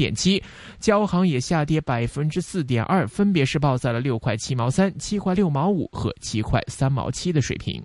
點七，交行也下跌百分之四點二，分別是報在了六塊七毛三、七塊六毛五和七塊三毛七的水平。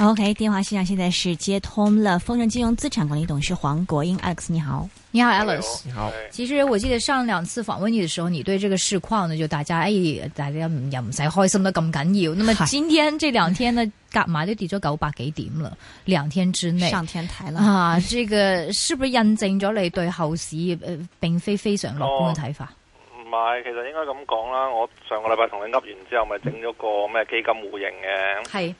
O.K. 電話線上現在是接通了豐盛金融資產管理董事黃國英 Alex 你好，你好 Alex，你好。其實我記得上兩次訪問你的時候，你對這個市況呢，就大家哎大家又唔使開心得咁緊要。那麼今天這兩天呢，夾埋是都跌咗九百幾點了，兩天之內上天台了啊，這個是不是印證咗你對後市、呃、並非非常樂觀的睇法？唔係、那個，其實應該咁講啦。我上個禮拜同你噏完之後，咪整咗個咩基金戶型嘅。係。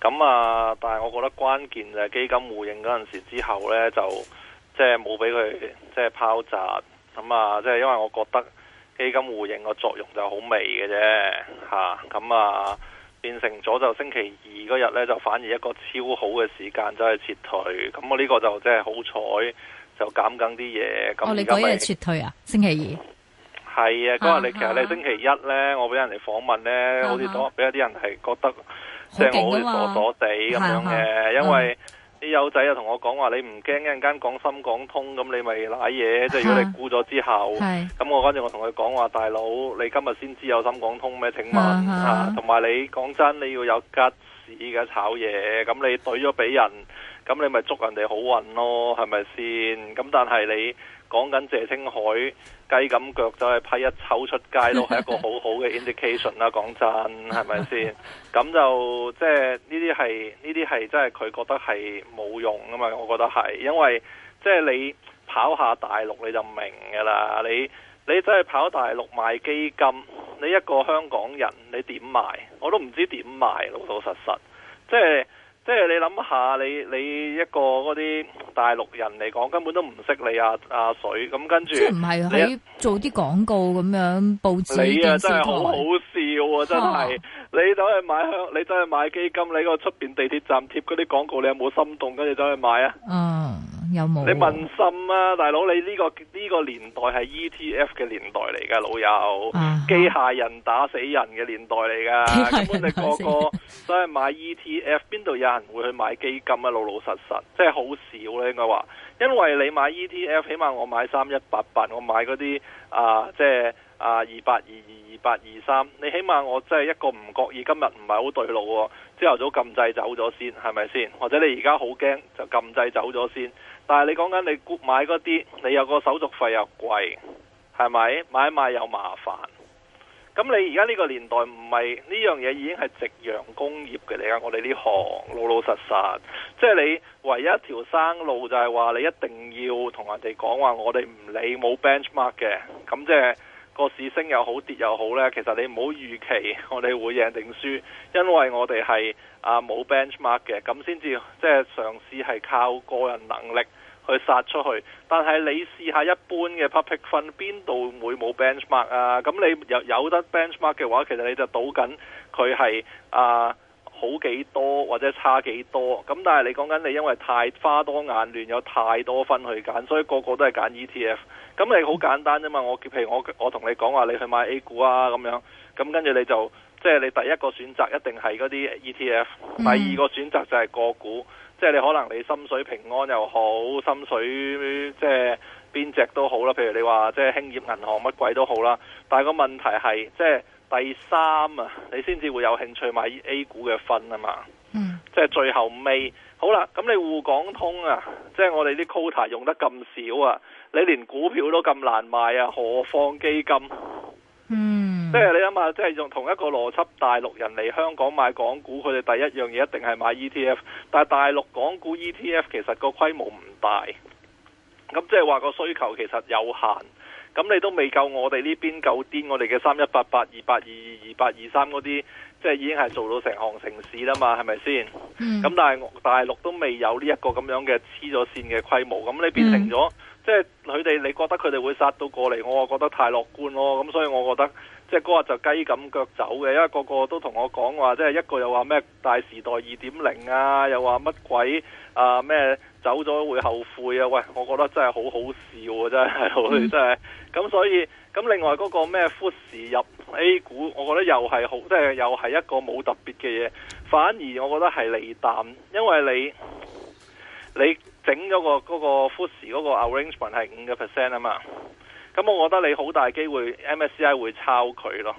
咁啊！但係我覺得關鍵就係基金互認嗰陣時之後呢，就即係冇俾佢即係拋砸咁啊！即係因為我覺得基金互認個作用就好微嘅啫吓，咁啊，啊變成咗就星期二嗰日呢，就反而一個超好嘅時間就係撤退。咁我呢個就真係好彩，就減緊啲嘢。你嗰日撤退啊，星期二係啊。嗰日你其實你星期一呢，我俾人嚟訪問呢，哈哈好似都俾一啲人係覺得。即係、啊、我好傻傻地咁樣嘅，的因為啲友仔又同我講話，的你唔驚一陣間深港通咁，你咪瀨嘢。即係的如果你估咗之後，咁的我跟住我同佢講話，的大佬你今日先知有深港通咩？請問同埋你講真，你要有吉士嘅炒嘢，咁你懟咗俾人，咁你咪祝人哋好運咯，係咪先？咁但係你。講緊謝清海雞咁腳就係批一抽出街都係一個好好嘅 indication 啦， 講、就是、真，係咪先？咁就即係呢啲係呢啲係真係佢覺得係冇用噶嘛？我覺得係，因為即係、就是、你跑下大陸你就明噶啦，你你真係跑大陸賣基金，你一個香港人你點賣？我都唔知點賣，老老實實即係。就是即係你諗下，你你一個嗰啲大陸人嚟講，根本都唔識你啊阿水咁，跟住即係唔係喺做啲廣告咁樣報紙、電視台？你啊真係好好笑啊，啊真係！你走去買香，你走去買基金，你個出邊地鐵站貼嗰啲廣告，你有冇心動？跟住走去買、uh, 有冇啊？嗯，有冇？你問心啊，大佬，你呢、這個呢、這個年代係 E T F 嘅年代嚟㗎，老友，機、uh huh. 械人打死人嘅年代嚟㗎。根、uh huh. 本你個個都係買 E T F，邊度 有人會去買基金啊？老老實實，即係好少咧、啊，應該話，因為你買 E T F，起碼我買三一八八，我買嗰啲啊，即係。啊，二八二二二八二三，你起碼我真係一個唔覺意，今日唔係好對路喎，朝頭早撳掣走咗先，係咪先？或者你而家好驚就撳掣走咗先？但係你講緊你買嗰啲，你有個手續費又貴，係咪？買一賣又麻煩。咁你而家呢個年代唔係呢樣嘢已經係夕陽工業嘅嚟啊！我哋呢行老老實實，即係你唯一一條生路就係話你一定要同人哋講話，我哋唔理冇 benchmark 嘅，咁即係。個市升又好，跌又好呢，其實你唔好預期我哋會贏定輸，因為我哋係啊冇 benchmark 嘅，咁先至即係嘗試係靠個人能力去殺出去。但係你試下一般嘅 public fund 邊度會冇 benchmark 啊？咁你有有得 benchmark 嘅話，其實你就賭緊佢係啊。好幾多或者差幾多咁，但係你講緊你因為太花多眼亂，有太多分去揀，所以個個都係揀 ETF。咁你好簡單啫嘛！我譬如我我同你講話，你去買 A 股啊咁樣，咁跟住你就即係、就是、你第一個選擇一定係嗰啲 ETF，第二個選擇就係個股。Mm. 即係你可能你心水平安又好，心水即係邊隻都好啦。譬如你話即係興業銀行乜鬼都好啦，但係個問題係即係。第三啊，你先至會有興趣買 A 股嘅分啊嘛，嗯，即係最後尾，好啦，咁你滬港通啊，即係我哋啲 quota 用得咁少啊，你連股票都咁難賣啊，何況基金？嗯，即係你諗下，即係用同一個邏輯，大陸人嚟香港買港股，佢哋第一樣嘢一定係買 ETF，但係大陸港股 ETF 其實個規模唔大，咁即係話個需求其實有限。咁你都未夠我哋呢邊夠癲，我哋嘅三一八八、二八二二、二八二三嗰啲，即係已經係做到成行成市啦嘛，係咪先？咁、mm. 但係大陸都未有呢一個咁樣嘅黐咗線嘅規模，咁你變成咗，mm. 即係佢哋，你覺得佢哋會殺到過嚟，我覺得太樂觀咯。咁所以我覺得，即係嗰日就雞咁腳走嘅，因為個個都同我講話，即係一個又話咩大時代二點零啊，又話乜鬼啊咩。走咗會後悔啊！喂，我覺得真係好好笑啊，真係，嗯、真係。咁所以，咁另外嗰個咩富時入 A 股，我覺得又係好，即係又係一個冇特別嘅嘢。反而我覺得係利淡，因為你你整咗、嗰個嗰、嗰個富時嗰個 arrangement 係五個 percent 啊嘛。咁我覺得你好大機會 MSCI 會抄佢咯。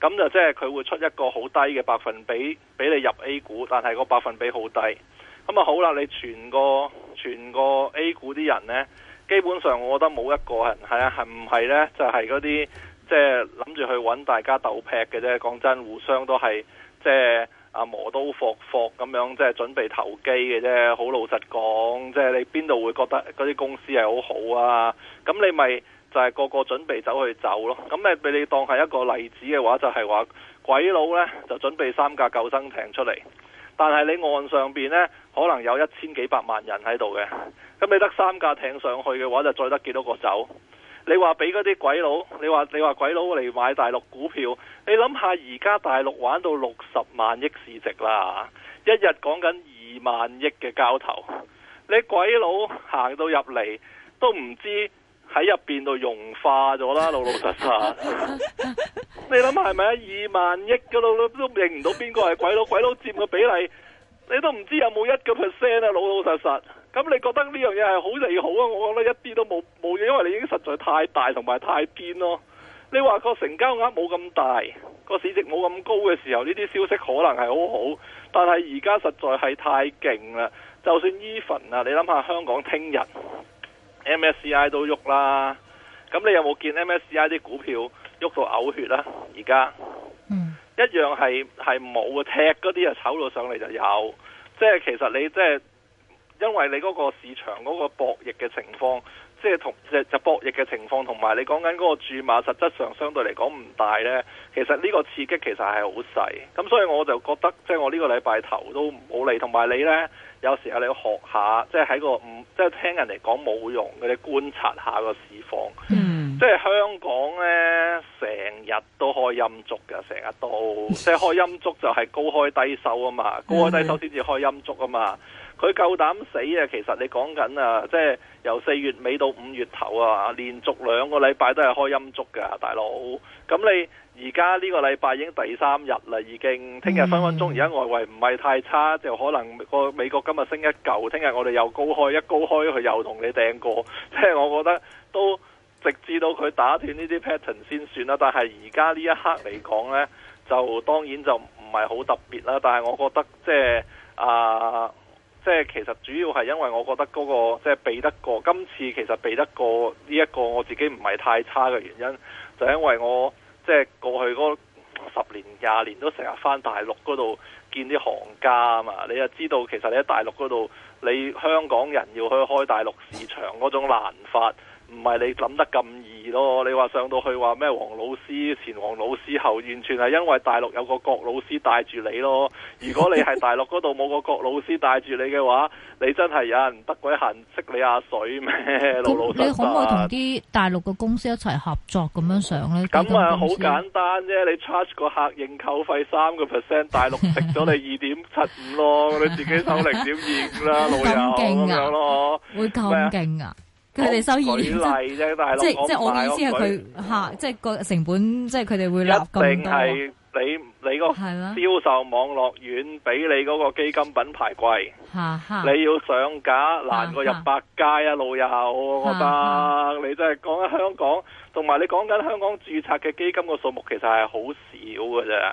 咁就即係佢會出一個好低嘅百分比俾你入 A 股，但係個百分比好低。咁啊好啦，你全個全個 A 股啲人呢，基本上我覺得冇一個人係啊，係唔係呢？就係嗰啲即係諗住去揾大家鬥劈嘅啫。講真，互相都係即係磨刀霍霍咁樣，即係準備投機嘅啫。好老實講，即係你邊度會覺得嗰啲公司係好好啊？咁你咪就係個個準備走去走咯。咁咪俾你當係一個例子嘅話，就係話鬼佬呢，就準備三架救生艇出嚟。但係你岸上邊呢，可能有一千幾百萬人喺度嘅，咁你得三架艇上去嘅話，就再得幾多個走？你話俾嗰啲鬼佬，你話你話鬼佬嚟買大陸股票，你諗下而家大陸玩到六十萬億市值啦，一日講緊二萬億嘅交投，你鬼佬行到入嚟都唔知。喺入邊度融化咗啦，老老實實。 你諗係咪啊？二萬億嗰度都都認唔到邊個係鬼佬，鬼佬佔嘅比例，你都唔知有冇一個 percent 啊，老老實實。咁你覺得呢樣嘢係好利好啊？我覺得一啲都冇冇嘢，因為你已經實在太大同埋太偏咯。你話個成交額冇咁大，個市值冇咁高嘅時候，呢啲消息可能係好好。但係而家實在係太勁啦！就算 even 啊，你諗下香港聽日。MSCI 都喐啦，咁你有冇見 MSCI 啲股票喐到嘔血啦？而家，嗯、一樣係係冇啊，踢嗰啲啊，就炒到上嚟就有，即、就、係、是、其實你即係、就是、因為你嗰個市場嗰個博弈嘅情況，即係同就是就是、博弈嘅情況，同埋你講緊嗰個注碼，實質上相對嚟講唔大呢。其實呢個刺激其實係好細，咁所以我就覺得即係、就是、我呢個禮拜頭都唔好理，同埋你呢。有時候你要學下，即係喺個唔、嗯、即係聽人哋講冇用嘅。你觀察下個市況。嗯、即係香港咧，成日都開陰燭嘅，成日都即係開陰燭就係高開低收啊嘛，高開低收先至開陰燭啊嘛，佢夠膽死啊！其實你講緊啊，即係。由四月尾到五月頭啊，連續兩個禮拜都係開陰燭噶，大佬。咁你而家呢個禮拜已經第三日啦，已經。聽日分分鐘，而家、嗯、外圍唔係太差，就可能個美國今日升一嚿，聽日我哋又高開，一高開佢又同你訂過。即係我覺得都直至到佢打斷呢啲 pattern 先算啦。但係而家呢一刻嚟講呢，就當然就唔係好特別啦。但係我覺得即係啊。就是呃即係其實主要係因為我覺得嗰、那個即係、就是、避得過今次，其實避得過呢一個我自己唔係太差嘅原因，就因為我即係、就是、過去十年廿年都成日翻大陸嗰度見啲行家啊嘛，你又知道其實你喺大陸嗰度，你香港人要去開大陸市場嗰種難法，唔係你諗得咁易。你話上到去話咩？黃老師前黃老師後，完全係因為大陸有個郭老師帶住你咯。如果你係大陸嗰度冇個郭老師帶住你嘅話， 你真係有人得鬼閒識你阿、啊、水咩？老老實實你可唔可以同啲大陸嘅公司一齊合作咁樣上咧？咁啊，好簡單啫！你 charge 個客認購費三個 percent，大陸食咗你二點七五咯， 你自己收零點二五啦，老友。啊，咁樣咯，會咁勁啊！佢哋收益啫，大佬。即即我意思係佢吓，即個成本，即佢哋會立咁多。一定係你你個銷售網絡遠，比你嗰個基金品牌貴。你要上架難過入百佳啊，老友，我覺得你真係講緊香港，同埋你講緊香港注冊嘅基金個數目，其實係好少噶啫。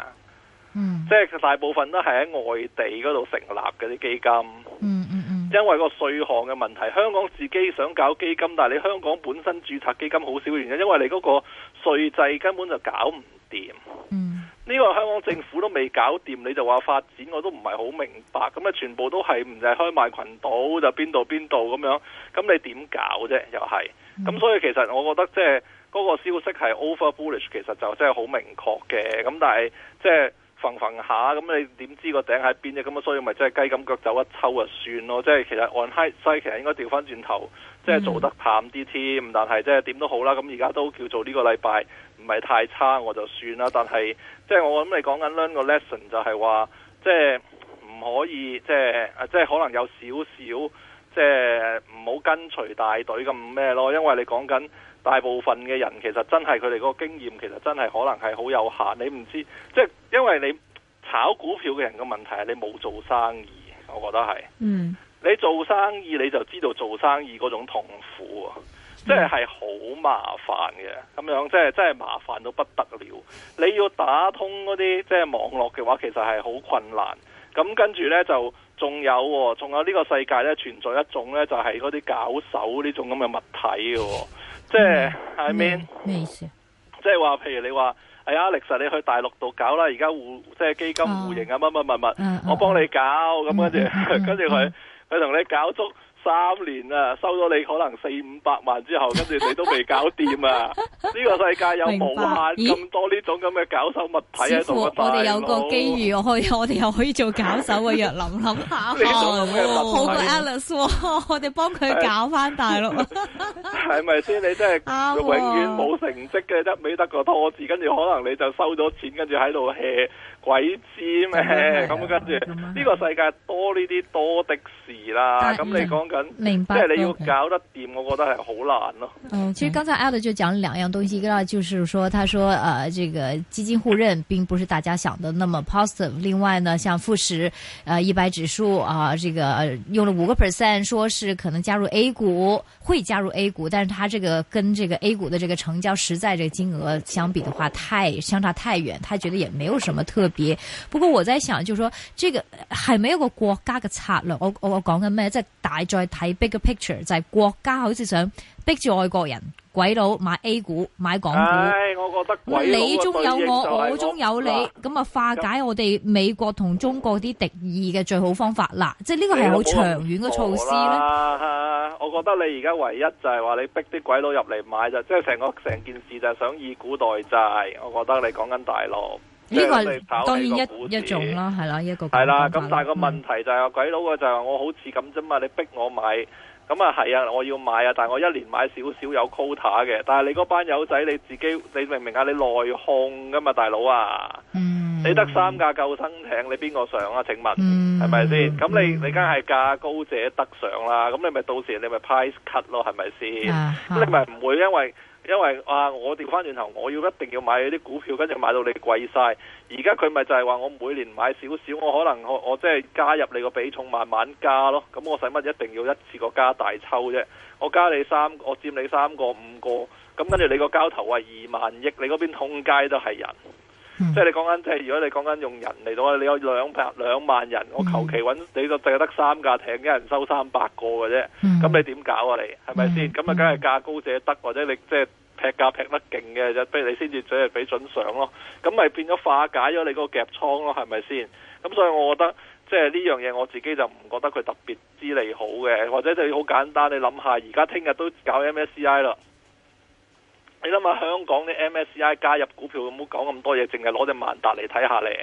嗯。即係大部分都係喺外地嗰度成立嗰啲基金。嗯嗯。因為個稅項嘅問題，香港自己想搞基金，但係你香港本身註冊基金好少原因，因為你嗰個稅制根本就搞唔掂。嗯，呢個香港政府都未搞掂，你就話發展我都唔係好明白。咁啊，全部都係唔係開曼群島就邊度邊度咁樣，咁你點搞啫？又係咁，所以其實我覺得即係嗰個消息係 over bullish，其實就真係好明確嘅。咁但係即係。瞓瞓下咁，你點知個頂喺邊啫？咁啊，所以咪即係雞咁腳走一抽啊，算咯。即係其實 on high side，其實, side, 其實應該調翻轉頭，即係做得淡啲添。但係即係點都好啦。咁而家都叫做呢個禮拜唔係太差，我就算啦。但係即係我諗你講緊呢個 lesson 就係話，即係唔可以即係即係可能有少少即係唔好跟隨大隊咁咩咯？因為你講緊。大部分嘅人其實真係佢哋嗰個經驗，其實真係可能係好有限。你唔知，即係因為你炒股票嘅人嘅問題，係你冇做生意，我覺得係。嗯，你做生意你就知道做生意嗰種痛苦啊，即係係好麻煩嘅，咁樣即係真係麻煩到不得了。你要打通嗰啲即係網絡嘅話，其實係好困難。咁跟住呢，就仲有，哦，仲有呢個世界呢，存在一種呢，就係嗰啲搞手呢種咁嘅物體嘅，哦。即係，I mean，咩意思？即係話，譬如你話哎呀，其實你去大陸度搞啦，而家互即係基金互型啊，乜乜乜乜，我幫你搞，咁跟住，跟住佢佢同你搞足三年啊，收咗你可能四五百萬之後，跟住你都未搞掂啊！呢 個世界有無限咁多呢種咁嘅搞手物體喺度？我哋有個機遇， 我可我哋又可以做搞手嘅藥諗諗下。好過 Alice，我哋幫佢搞翻大陸。係咪先？你真係永遠冇成績嘅，一味 得個拖字，跟住可能你就收咗錢，跟住喺度 hea。鬼知咩、啊？咁跟住呢個世界多呢啲多的事啦。咁你講緊明白，即係你要搞得掂，我覺得係好難咯。嗯，其實剛才阿 Ed 就講兩樣東西，一個就是說，他說，呃、這個基金互認並不是大家想的那麼 positive。另外呢，像富時一百指數啊、呃，這個用了五個 percent，說是可能加入 A 股，會加入 A 股，但是他這個跟這個 A 股的這個成交實在，這個金額相比的話太，太相差太遠，他覺得也沒有什麼特別。不過我在想，就說這個係咪一個國家嘅策略？我我我講緊咩？即係大再睇 big picture，就係、是、國家好似想逼住外國人鬼佬買 A 股，買港股。我覺得你中有我，我，我中有你，咁啊啦化解我哋美國同中國啲敵意嘅最好方法嗱，即係呢個係好長遠嘅措施咧。我覺得你而家唯一就係話你逼啲鬼佬入嚟買就是整，即係成個成件事就係想以股代債。我覺得你講緊大陸。呢個當然一一種啦，係啦，一個係啦。咁但係個問題就係、話嗯、鬼佬嘅就係、話、我好似咁啫嘛，你逼我買，咁啊係啊，我要買啊，但係我一年買少少有 quota 嘅。但係你嗰班友仔你自己，你明唔明啊？你內控㗎嘛，大佬啊，嗯、你得三架救生艇，你邊個上啊？請問係咪先？咁你你梗係價高者得上啦。咁你咪到時你咪 price cut 咯，係咪先？啊啊、你咪唔會因為。因為啊，我調翻轉頭，我要一定要買啲股票，跟住買到你貴晒。而家佢咪就係話，我每年買少少，我可能我我即係加入你個比重，慢慢加咯。咁我使乜一定要一次過加大抽啫？我加你三，我佔你三個五個，咁跟住你個交投啊二萬億，你嗰邊通街都係人。嗯、即係你講緊即係，如果你講緊用人嚟到，你有兩百兩萬人，我求其揾你就淨係得三架艇，一人收三百個嘅啫。咁、嗯、你點搞啊？你係咪先？咁啊，梗係價高者得，或者你即係。劈價劈得勁嘅，就不如你先至再俾準上咯，咁咪變咗化解咗你嗰個夾倉咯，係咪先？咁所以我覺得即係呢樣嘢，我自己就唔覺得佢特別之利好嘅，或者就好簡單，你諗下而家聽日都搞 MSCI 啦，你諗下香港啲 MSCI 加入股票，唔好講咁多嘢，淨係攞隻萬達嚟睇下你。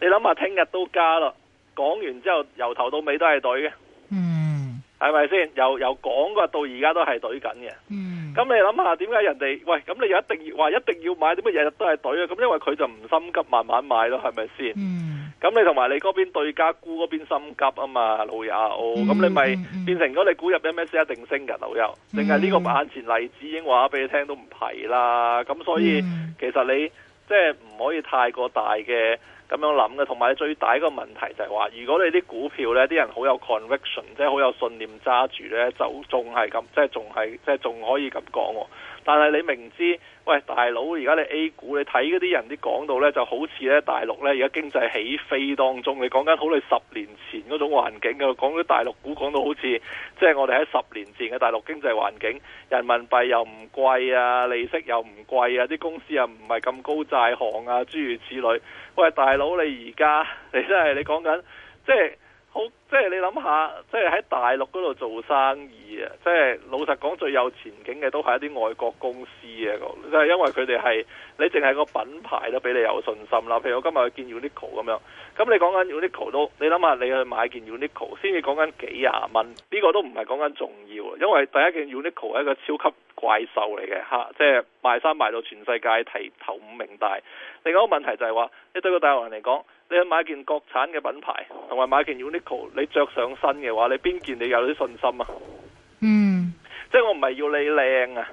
你諗下聽日都加啦，講完之後由頭到尾都係懟嘅，嗯，係咪先？由由講嗰到而家都係懟緊嘅，嗯。咁你諗下點解人哋喂咁你又一定要話一定要買，點解日日都係隊啊？咁因為佢就唔心急，慢慢買咯，係咪先？咁、嗯、你同埋你嗰邊對家沽嗰邊心急啊嘛，老友、啊哦。咁、嗯、你咪變成咗你估入有咩先一定升嘅，老友？淨係呢個眼前例子，已經話俾你聽都唔係啦。咁所以其實你即係唔可以太過大嘅。咁樣諗嘅，同埋最大一個問題就係話，如果你啲股票咧，啲人好有 conviction，即係好有信念揸住咧，就仲係咁，即係仲係，即係仲可以咁講喎。但係你明知，喂，大佬，而家你 A 股，你睇嗰啲人啲講到咧，就好似咧大陸咧而家經濟起飛當中，你講緊好你十年前嗰種環境嘅，講啲大陸股講到好似，即係我哋喺十年前嘅大陸經濟環境，人民幣又唔貴啊，利息又唔貴啊，啲公司又唔係咁高債項啊，諸如此類。喂，大佬，你而家，你真係你講緊，即係。即係你諗下，即係喺大陸嗰度做生意啊！即係老實講，最有前景嘅都係一啲外國公司啊！就係因為佢哋係你淨係個品牌都俾你有信心啦。譬如我今日去見 Uniqlo 咁樣，咁你講緊 Uniqlo 都，你諗下你去買件 Uniqlo，先至講緊幾廿蚊，呢個都唔係講緊重要，因為第一件 Uniqlo 係一個超級怪獸嚟嘅吓，即係賣衫賣到全世界提頭五名大。另一個問題就係話，你對個大陸人嚟講。你去買件國產嘅品牌，同埋買件 Uniqlo，你着上身嘅話，你邊件你有啲信心啊？嗯，即係我唔係要你靚啊。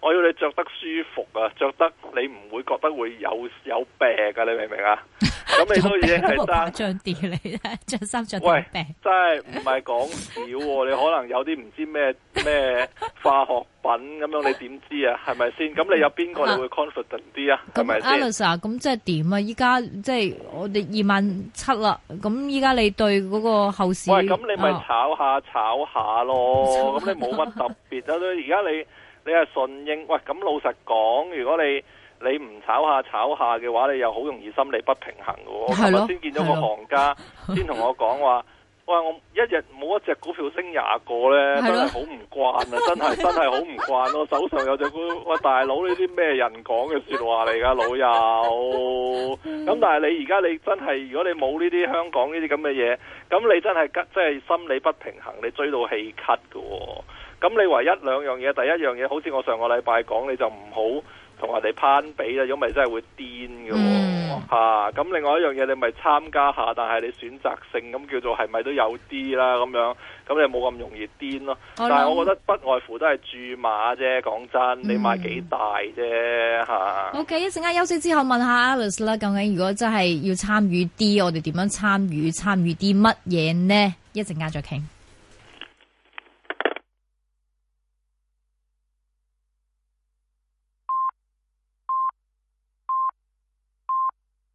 我要你着得舒服啊，着得你唔會覺得會有有病噶、啊？你明唔明、嗯、 喂啊？咁你都嘢係得啊？誇張啲你啊，着衫着病。真係唔係講笑，你可能有啲唔知咩咩化學品咁樣，你點知啊？係咪先？咁你有邊個你會 confident 啲啊？咪 Alisa，咁即係點啊？依、啊、家、啊啊啊啊、即係、啊、我哋二萬七啦。咁依家你對嗰個後市喂咁，你咪炒下炒下咯。咁、哦、你冇乜特別啊？都而家你。你係順應，喂咁老實講，如果你你唔炒下炒下嘅話，你又好容易心理不平衡嘅、哦。我頭先見到個行家的先同我講話，喂的！我一日冇一隻股票升廿個呢，的真係好唔慣啊！真係真係好唔慣。的我手上有隻股，喂的大佬呢啲咩人講嘅說話嚟噶，老友。咁、嗯、但係你而家你真係，如果你冇呢啲香港呢啲咁嘅嘢，咁你真係真係心理不平衡，你追到氣咳喎、哦。咁你唯一兩樣嘢，第一樣嘢好似我上個禮拜講，你就唔好同人哋攀比啦，咁咪真係會癲㗎喎。咁、嗯啊、另外一樣嘢，你咪參加下，但係你選擇性咁叫做係咪都有啲啦，咁樣咁你冇咁容易癲咯。但係我覺得不外乎都係注碼啫，講真，你買幾大啫嚇。O K，一陣間休息之後問下 Alice 啦。究竟如果真係要參與啲，我哋點樣參與？參與啲乜嘢呢？一陣間再傾。